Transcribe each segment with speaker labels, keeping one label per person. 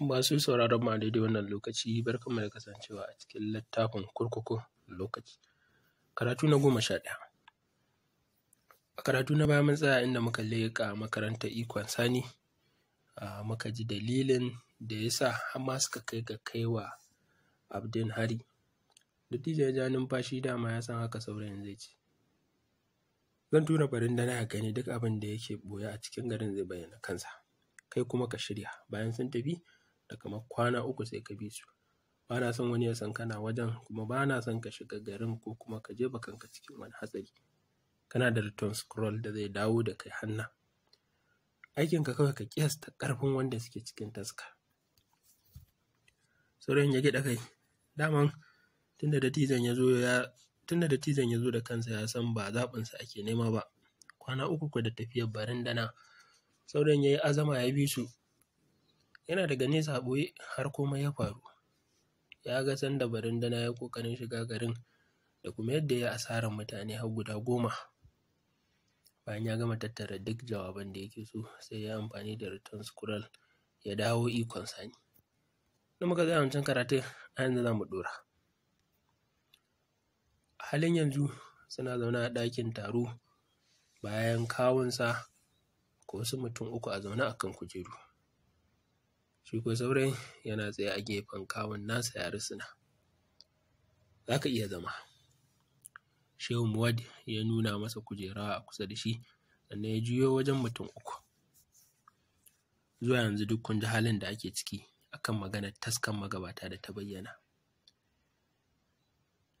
Speaker 1: Masu sauraron ma daidai wannan lokaci barkanmu da kasancewa a cikin littafin kurkuku lokaci. Karatu na goma sha ɗaya. A karatu na baya mun tsaya inda muka leƙa makaranta ikon sani muka ji dalilin da ya sa har suka kai ga kaiwa Abdin hari. Dattijo ya ja numfashi dama ya san haka saurayin zai ci. Zan tura farin na ya gani duk abin da yake boye a cikin garin zai bayyana kansa. Kai kuma ka shirya bayan sun tafi bukata kamar kwana uku sai ka bi su ba na son wani ya san kana wajen kuma ba na son ka shiga garin ko kuma ka jefa kanka cikin wani hatsari kana da return scroll da zai dawo da kai hanna aikinka kawai ka kiyasta karfin wanda suke cikin taska sauran ya gida kai daman tunda dattijan ya zo ya tunda tizan ya zo da kansa ya san ba zaɓinsa ake nema ba kwana uku ku da tafiyar barin dana sauran ya yi azama ya bi su Yana daga nesa a ɓoye har komai ya faru. Ya ga sanda barin dana ya ƙoƙarin shiga garin da kuma yadda ya asarar mutane har guda goma. Bayan ya gama tattara duk jawaban da yake so sai ya amfani da return scroll ya dawo ikon sani. Da muka zai wancan karatun a yanzu za mu ɗora. A halin yanzu suna zaune a ɗakin taro bayan kawunsa ko wasu mutum uku a zaune a kan kujeru. shi ko saurayin yana tsaye a gefen kawun nasa ya rusuna za ka iya zama shehu muwad ya nuna masa kujera a kusa da shi sannan ya juyo wajen mutum uku zuwa yanzu duk kun ji halin da ake ciki akan maganar taskan magabata da ta bayyana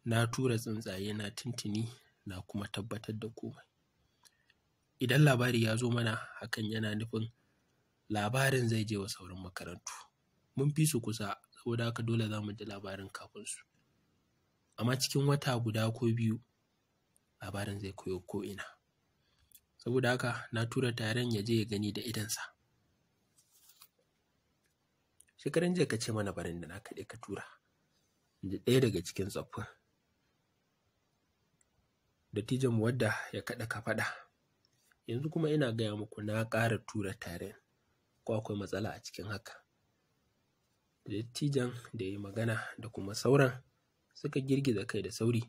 Speaker 1: na tura tsuntsaye na tuntuni na kuma tabbatar da komai idan labari ya zo mana hakan yana nufin labarin zai je wa sauran makarantu mun fi su kusa saboda haka dole za mu ji labarin kafin su amma cikin wata guda ko biyu labarin zai koyo ko ina saboda haka na tura taron ya je ya gani da idansa shekaran jiya ka ce mana barin da na kaɗe ka tura da ɗaya daga cikin tsoffin dattijan wadda ya kaɗa ka faɗa yanzu kuma ina gaya muku na ƙara tura taron ko akwai matsala a cikin haka. Da dattijan da ya yi magana da kuma sauran suka girgiza kai da sauri.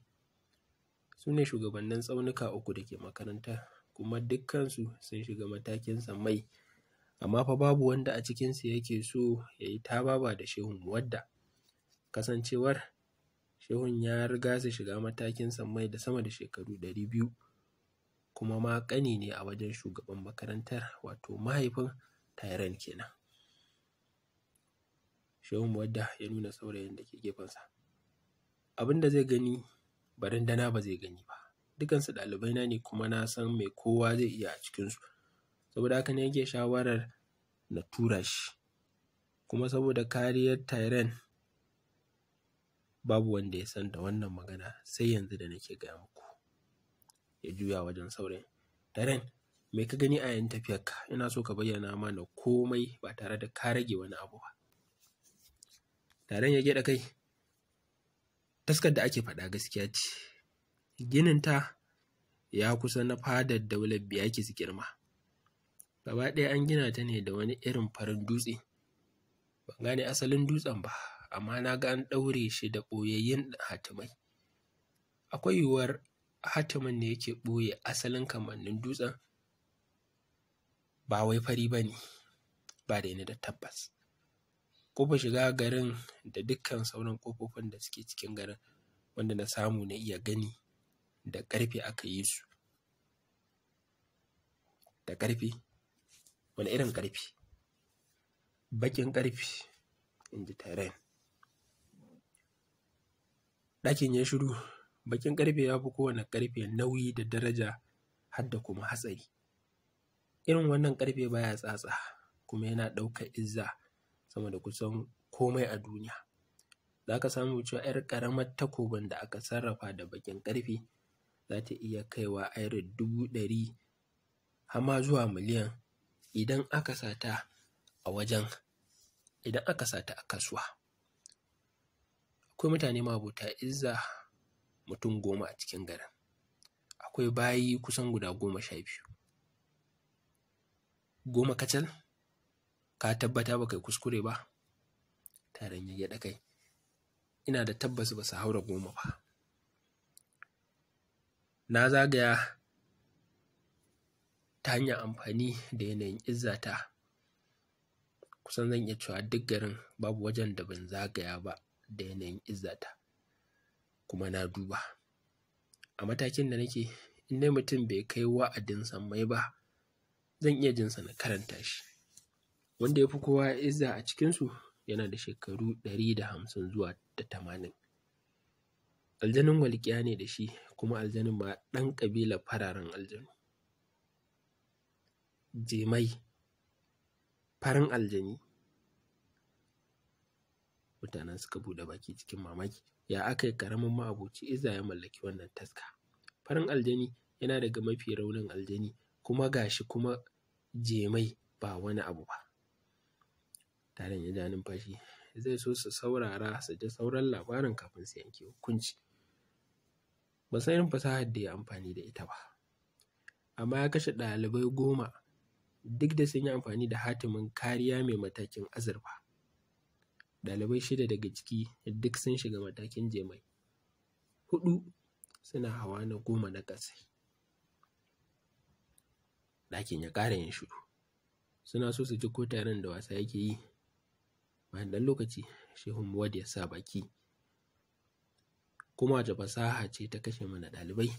Speaker 1: Su ne shugabannin tsaunuka uku da ke makaranta kuma dukkansu sun shiga matakin mai amma fa babu wanda a cikinsu yake so ya yi ta baba da shehun wadda kasancewar shehun ya riga su shiga matakin mai da sama da shekaru ɗari biyu kuma ma ƙani ne a wajen shugaban makarantar wato mahaifin Tyrant kenan. Shehu wadda ya nuna saurayin da ke gefensa. Abin da zai gani barandana ba zai gani ba. Dukansu ɗalibai na ne kuma na san mai kowa zai iya a cikinsu. Saboda haka ne yake shawarar na tura shi. Kuma saboda kariyar Tyrant babu wanda ya san da wannan magana sai yanzu da nake gaya muku. Ya juya wajen saurayin. taren Me ka gani a yayin tafiyarka? Ina so ka bayyana mana komai ba tare da ka rage wani abu ba. Taron ya gyaɗa kai. Taskar da ake faɗa gaskiya ce. Ginin ta ya kusa na fadar daular Biyakis girma. Gaba ɗaya an gina ta ne da wani irin farin dutse. Ban gane asalin dutsen ba, amma na ga an ɗaure shi da ɓoyayyun hatimai. Akwai yiwuwar hatimin ne yake ɓoye asalin kamannin dutsen ba wai fari ba ne ba da da tabbas kofa shiga garin da dukkan sauran kofofin da suke cikin garin wanda na samu na iya gani da ƙarfe aka yi su da ƙarfe wani irin ƙarfe Bakin ƙarfe in ji tare. ɗakin ya shiru Bakin ƙarfe ya fi kowane ƙarfe nauyi da daraja har da kuma hatsari irin wannan karfe baya tsatsa kuma yana ɗaukar izza sama da kusan komai a duniya za ka samu cewa 'yar ƙaramar takobin da aka sarrafa da baƙin ƙarfe za ta iya kaiwa ayar dubu ɗari har zuwa miliyan idan aka sata a wajen idan aka sata a kasuwa akwai mutane mabuta izza mutum goma a cikin garin akwai bayi kusan guda goma sha biyu goma kacal ka tabbata ba kai kuskure ba taron ya gyaɗa kai ina da tabbas ba su haura goma ba na zagaya ta hanyar amfani da yanayin izzata kusan zan iya cewa duk garin babu wajen da ban zagaya ba da yanayin izzata kuma na duba a matakin da nake in dai mutum bai kai wa'adin sammai ba zan iya jinsa na karanta shi wanda ya fi kowa izza a cikinsu yana da shekaru ɗari da hamsin zuwa da tamanin aljanin walƙiya ne da shi kuma aljanin ma ɗan ƙabila fararen aljanu jemai farin aljani mutanen suka buɗe baki cikin mamaki ya aka yi ƙaramin ma'abuci iza ya mallaki wannan taska farin aljani yana daga mafi raunin aljani kuma gashi kuma jemai ba wani abu ba. Tarin ya ja numfashi zai so su saurara su ji sauran labarin kafin su yanke hukunci. Ba san yin fasahar da ya amfani da ita ba. Amma ya kashe ɗalibai goma duk da sun yi amfani da hatimin kariya mai matakin azurfa. Ɗalibai shida daga ciki duk sun shiga matakin jemai. Huɗu suna hawa na goma na ƙasa. ɗakin ya ƙara yin shiru suna so su ji ko taron da wasa yake yi bayan ɗan lokaci shehun muwad ya sa baki kuma wace fasaha ce ta kashe mana ɗalibai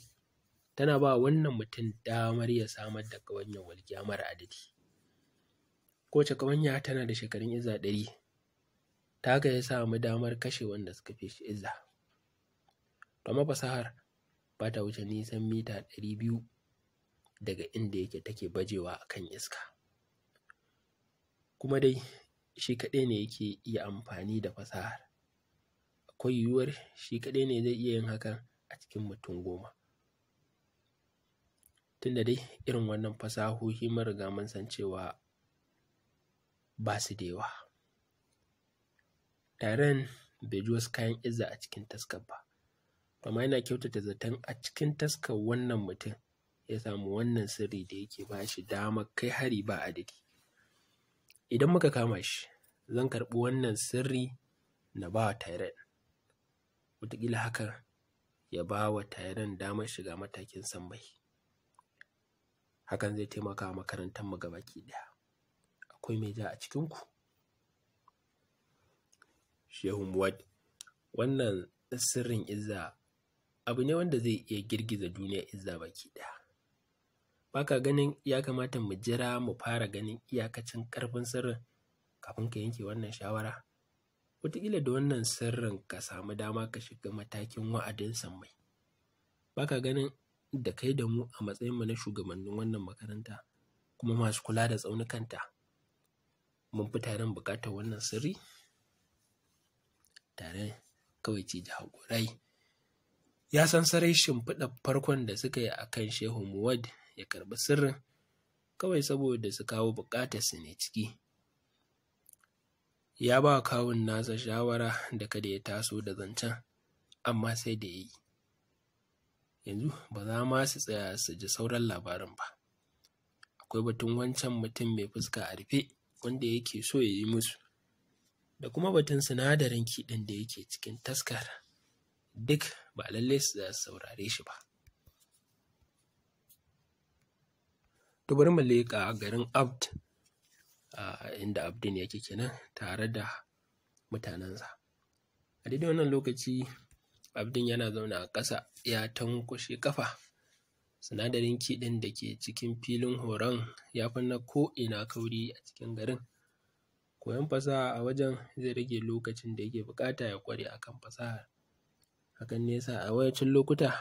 Speaker 1: tana ba wannan mutum damar ya samar da ƙawanyar walƙiya mara adadi kowace ƙawanya tana da shekarun iza ɗari ta ga ya samu damar kashe wanda suka fi shi iza fasahar ba ta wuce nisan mita ɗari biyu daga inda yake take bajewa a kan iska kuma dai shi kaɗai ne yake iya amfani da fasahar akwai yiwuwar shi kaɗai ne zai iya yin hakan a cikin mutum goma tunda dai irin wannan fasahohi mun riga mun san cewa ba su da yawa taren bai ji wasu kayan izza a cikin taskar ba amma yana kyautata zaton a cikin taskar wannan mutum ya samu wannan sirri da yake ba shi dama kai hari ba adadi idan muka kama shi zan karɓi wannan sirri na ba wa tyrant wataƙila haka ya ba wa tyrant damar shiga matakin sammai hakan zai taimaka wa makarantar mu gabaki ɗaya akwai mai ja a cikinku shehu muwad wannan sirrin izza abu ne wanda zai iya girgiza duniya izza baki ɗaya baka ganin ya kamata mu jira mu fara ganin iyakacin ƙarfin sirrin kafin ka yanke wannan shawara wataƙila da wannan sirrin ka samu dama ka shiga matakin wa'adin sammai baka ganin da kai da mu a matsayinmu na shugabannin wannan makaranta kuma masu kula da tsaunukanta mun fi taron buƙatar wannan sirri tare kawai ce da haƙurai ya san sarai shimfiɗa farkon da suka yi a kan shehu muwad ya karɓi sirrin kawai saboda su kawo su ne ciki ya ba kawun nasa shawara da kada ya taso da zancen amma sai da ya yi yanzu ba za ma su tsaya su ji sauran labarin ba akwai batun wancan mutum mai fuska a rufe wanda yake so ya yi musu da kuma batun sinadarin kiɗin da yake cikin taskar duk ba lallai su za su saurare shi ba to bari mu leƙa garin Abd inda Abdin yake kenan tare da mutanensa a daidai wannan lokaci Abdin yana zaune a ƙasa ya tankwashe ƙafa sinadarin kiɗin da ke cikin filin horon ya fi ko ina kauri a cikin garin koyon fasaha a wajen zai rage lokacin da yake buƙata ya ƙware a kan fasahar hakan nesa yasa a yawancin lokuta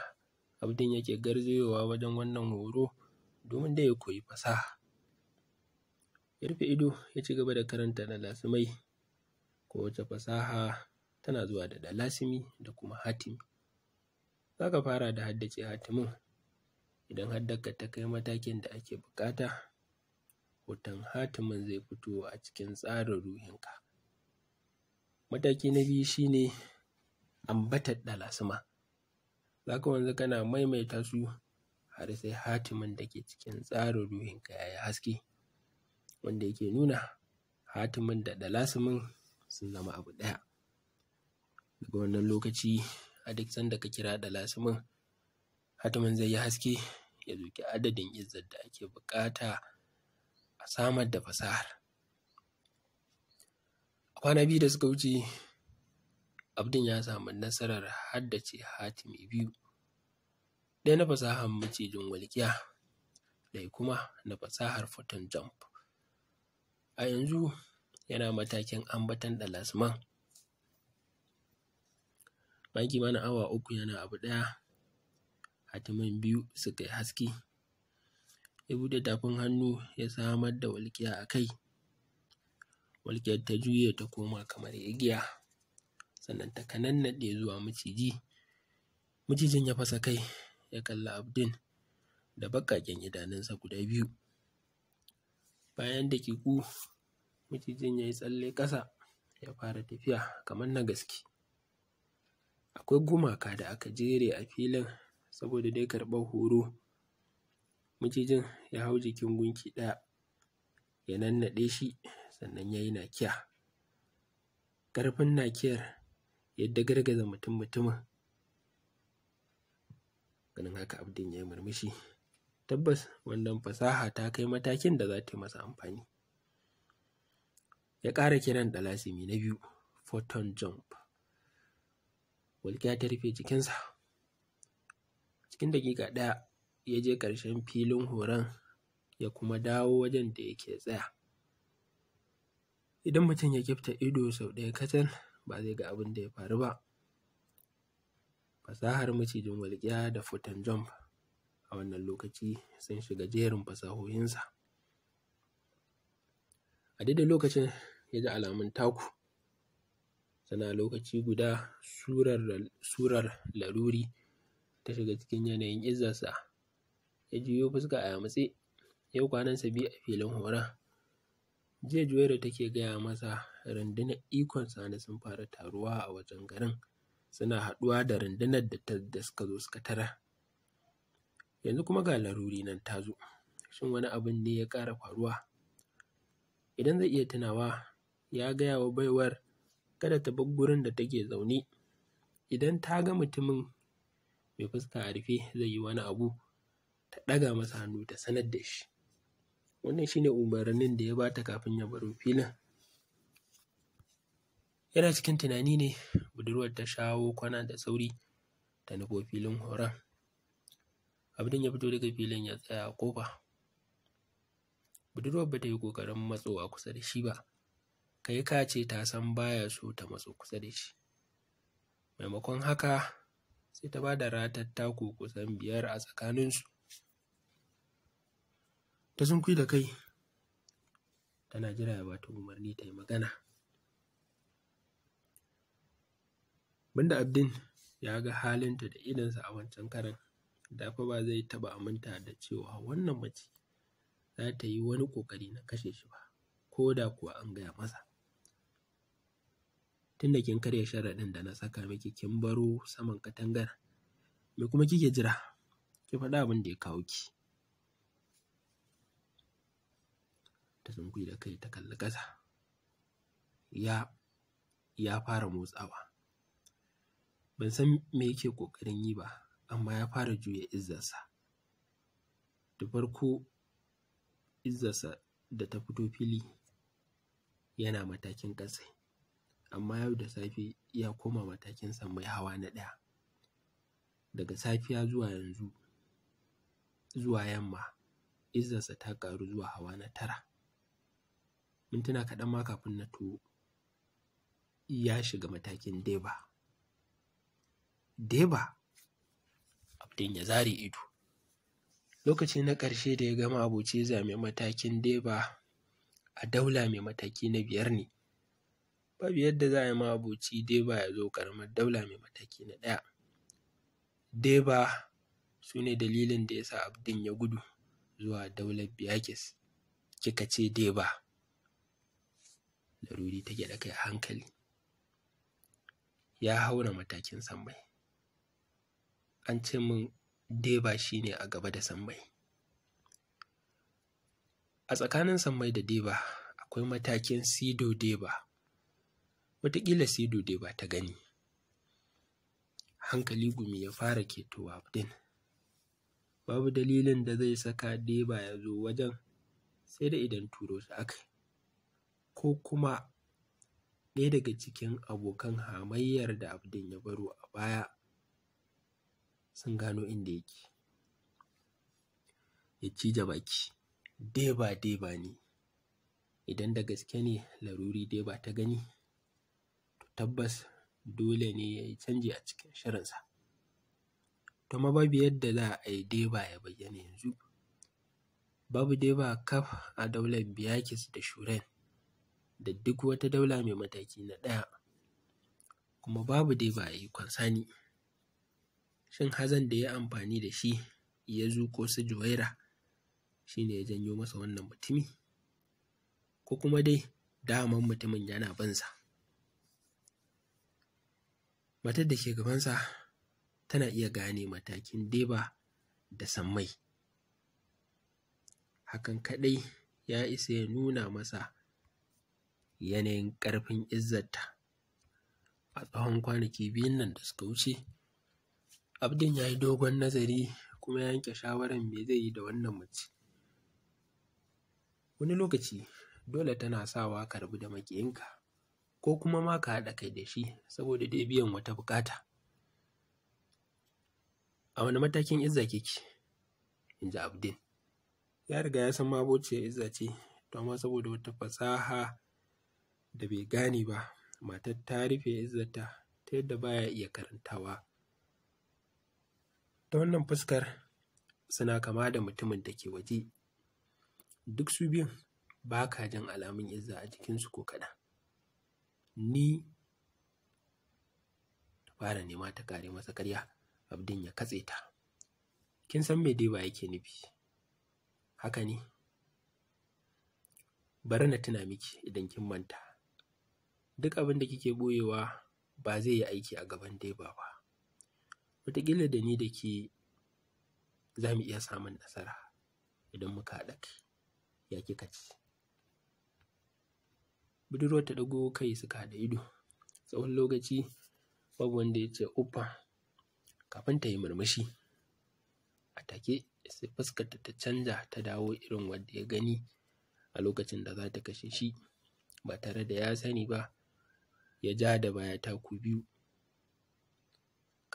Speaker 1: Abdin yake garzayowa wajen wannan horo domin dai ya koyi fasaha. Ya rufe ido ya ci gaba da karanta dalasimai, wace fasaha tana zuwa da dalasimi da kuma hatimi. Za ka fara da haddace hatimin, idan ka ta kai matakin da ake buƙata, hoton hatimin zai fito a cikin tsarin ruhinka. Mataki na biyu shi ne ambatar dalasima, za ka wanzu kana maimaita su har sai hatimin da ke cikin tsarin ruhinka ya yi haske wanda yake nuna hatimin da dalasimin sun zama abu ɗaya daga wannan lokaci a duk sanda ka kira dalasimin hatimin zai yi haske ya zuki adadin izzar da ake buƙata a samar da fasahar a kwana biyu da suka wuce abdin ya samu nasarar haddace hatimi biyu ɗaya na fasahar macijin walƙiya ɗaya kuma na fasahar Photon Jump. A yanzu yana matakin ambaton ɗalasman. baki mana awa uku yana abu ɗaya, hatimin biyu suka yi haske. Ya buɗe tafin hannu ya samar da walƙiya a kai. Walƙiyar ta juye ta koma kamar igiya, sannan ta kanannaɗe zuwa maciji. Macijin ya fasa kai ya kalli Abdul da baƙaƙen idanunsa guda biyu. Bayan ku, macijin ya yi tsalle ƙasa ya fara tafiya kamar na gaske. Akwai gumaka da aka jere a filin saboda dai karɓar horo. Macijin ya hau jikin gunki ɗaya ya nannaɗe shi sannan ya yi nakiya. Ƙarfin nakiyar ya dagargaza mutum-mutumin ganin haka abdin ya yi murmushi tabbas wannan fasaha ta kai matakin da za ta yi masa amfani ya ƙara kiran ɗalasimi na biyu photon jump walƙiya ta rufe jikinsa cikin daƙiƙa ɗaya ya je ƙarshen filin horon ya kuma dawo wajen da yake tsaya idan mutum ya kifta ido sau ɗaya kacal ba zai ga abin da ya faru ba Fasahar macijin walƙiya da Futon jump a wannan lokaci sun shiga jerin fasahohinsa. A daidai lokacin ya ji alamun taku, sana lokaci guda surar laruri ta shiga cikin yanayin izarsa ya juyo fuska a yamutse, yau kwanansa biyu a filin horon. Jiya da take gaya masa rundunar ikonsa na sun fara taruwa a wajen garin. suna haɗuwa da rundunar da suka zo suka tara yanzu kuma ga laruri nan ta zo shin wani abin ne ya ƙara faruwa idan zai iya tunawa ya gaya wa baiwar kada ta bar gurin da take zaune idan ta ga mutumin mai fuska a rufe zai yi wani abu ta ɗaga masa hannu ta sanar da shi wannan shine umarnin da ya bata kafin ya baro filin yana cikin tunani ne budurwar ta shawo kwana da sauri ta nufo filin horon abdin ya fito daga filin ya tsaya a kofa budurwar ba ta yi ƙoƙarin matsowa kusa da shi ba kai ka ce ta san baya so ta matso kusa da shi maimakon haka sai ta ba da ratar taku kusan biyar a tsakaninsu ta sunkuyi da kai tana jira ya ta umarni ta yi magana Banda Abdin ya ga halinta da idonsa a wancan karan, da fa ba zai taɓa aminta da cewa wannan mace za ta yi wani ƙoƙari na kashe shi ba, ko da kuwa an gaya masa. Tunda kin karya sharaɗin da na saka miki kin baro saman katangar, me kuma kike jira? Ki faɗa abin da ya kawo ki. Ta sunkuyi da kai ta kalli ƙasa. Ya, ya fara motsawa. ban san me yake ƙoƙarin yi ba amma ya fara juya izzarsa da farko izzarsa da ta fito fili yana matakin ƙasa amma yau da safe ya koma matakin mai hawa na ɗaya daga safiya zuwa yanzu zuwa yamma izzarsa ta ƙaru zuwa hawa na tara mintuna kaɗan ma kafin na tuwo ya shiga matakin deba deba abdin ya zare ido lokaci na ƙarshe da ya gama abuci mai matakin deba a daula mai mataki na biyar ne babu yadda za a yi ma abuci deba ya zo karamar daula mai mataki na ɗaya deba su ne dalilin da ya sa abdin ya gudu zuwa daular biyakis kika ce deba laruri take da kai hankali ya haura matakin sammai an ce min deba shi ne a gaba da sammai a tsakanin sammai da deba akwai matakin sido deba wataƙila sido deba ta gani hankali gumi ya fara ketowa din babu dalilin da zai saka deba ya zo wajen sai da idan turo su aka ko kuma ɗaya daga cikin abokan hamayyar da abdin ya baro a baya sun gano inda yake ya cije baki dai ba ne idan da gaske ne laruri deba ta gani to tabbas dole ne ya yi canji a cikin shirinsa to ma babu yadda za a yi deba ya bayyana yanzu babu deba kaf a daular biyakis da shuren da duk wata daula mai mataki na ɗaya kuma babu deba a yi kwansani shin hazan da ya amfani da shi ya Zuko su juwaira shi ne ya janyo masa wannan mutumi ko kuma dai daman mutumin yana bansa matar da ke gabansa tana iya gane matakin deba da sammai hakan kadai ya isa ya nuna masa yanayin ƙarfin izzarta a tsawon kwanaki biyun nan da suka wuce Abdin ya yi dogon nazari kuma ya yanke shawaran me zai yi da wannan mace. Wani lokaci dole tana sawa ka rabu da maƙiyinka ko kuma ma ka haɗa kai da shi saboda dai biyan wata buƙata. A wani matakin izza kike? in ji Abdin. Ya riga ya san mabociyar izza ce, to amma saboda wata fasaha da bai gane ba, matar ta rufe izzata ta yadda baya iya karantawa. ta wannan fuskar suna kama da mutumin da ke waje duk su biyun ba ka jin alamun izza a jikinsu ko kaɗan ni fara nema ta kare masa karya abdin ya katse ta kin san me dai ba yake nufi haka ne bari na tuna miki idan kin manta duk abin da kike boyewa ba zai yi aiki a gaban dai ba wataƙila da ni da ke za mu iya samun nasara idan muka haɗa kai ya kika ci budurwar ta ɗago kai suka haɗa ido tsawon lokaci babu wanda ya ce uffa kafin ta yi murmushi a take sai fuskarta ta canza ta dawo irin wanda ya gani a lokacin da za ta kashe shi ba tare da ya sani ba ya ja da baya taku biyu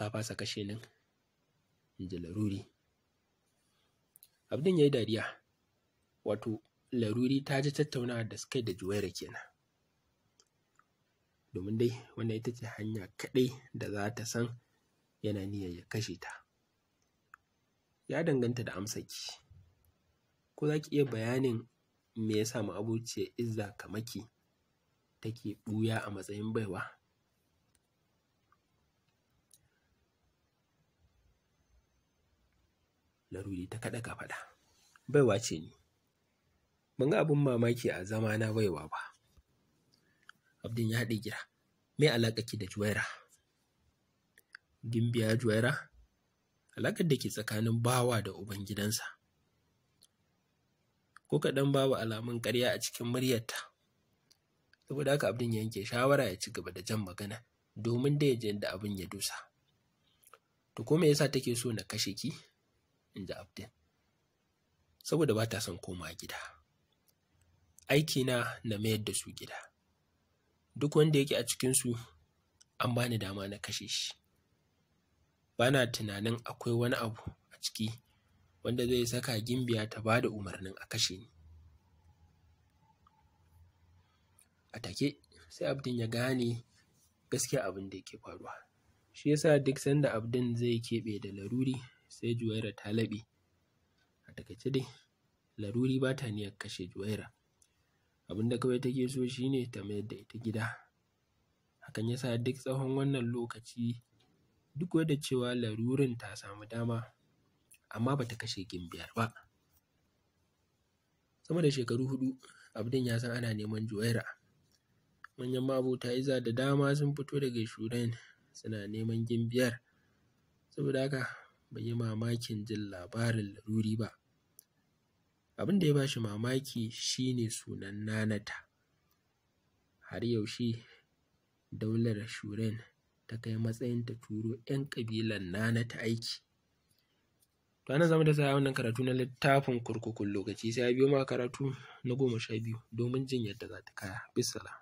Speaker 1: ka fasa kashe nan in ji laruri abdin ya yi dariya wato laruri ta ji tattaunawa da suka da juwaira kenan domin dai wannan ita ce hanya kaɗai da za ta san yana niyya ya kashe ta ya danganta da amsaki ko za ki iya bayanin me ya samu ma'abuciyar izza kamaki take buya a matsayin baiwa laruri ta kaɗa kafaɗa baiwa ce ni ban ga abin mamaki a zama na baiwa ba abdin ya haɗe gira me alaƙa ki da juwaira gimbiya juwaira alaƙar da ke tsakanin bawa da ubangidansa ko kaɗan babu alamun ƙarya a cikin muryarta saboda haka abdin yanke shawara ya ci gaba da jan magana domin da ya da abin ya dusa to ko me yasa take so na kashe ki in ji abdin saboda ba ta son koma gida aikina na mayar da su gida duk wanda yake a cikinsu an bani dama na kashe shi bana tunanin akwai wani abu a ciki wanda zai saka gimbiya ta ba da umarnin a kashe ni a take sai abdin ya gane gaskiya abin da yake faruwa shi yasa duk sanda abdin zai keɓe da laruri sai juwaira ta laɓe a takaice dai laruri ba ta niyyar kashe juwaira abin da kawai take so shine ta mayar da ita gida hakan yasa duk tsawon wannan lokaci duk wadda cewa larurin ta samu dama amma ba ta kashe gimbiyar ba sama da shekaru hudu abdin ya san ana neman juwaira manyan mabota iza da dama sun fito daga shuren suna neman gimbiyar saboda haka bai yi mamakin jin labarin laduri ba abin da ya ba shi mamaki shine sunan nanata har yaushe daular shuren ta kai matsayin ta turo 'yan ƙabilan nanata aiki to ana zama da sa wannan karatu na littafin kurkukun lokaci sai ya biyo ma karatu na goma sha biyu domin jin yadda za ta kaya bisala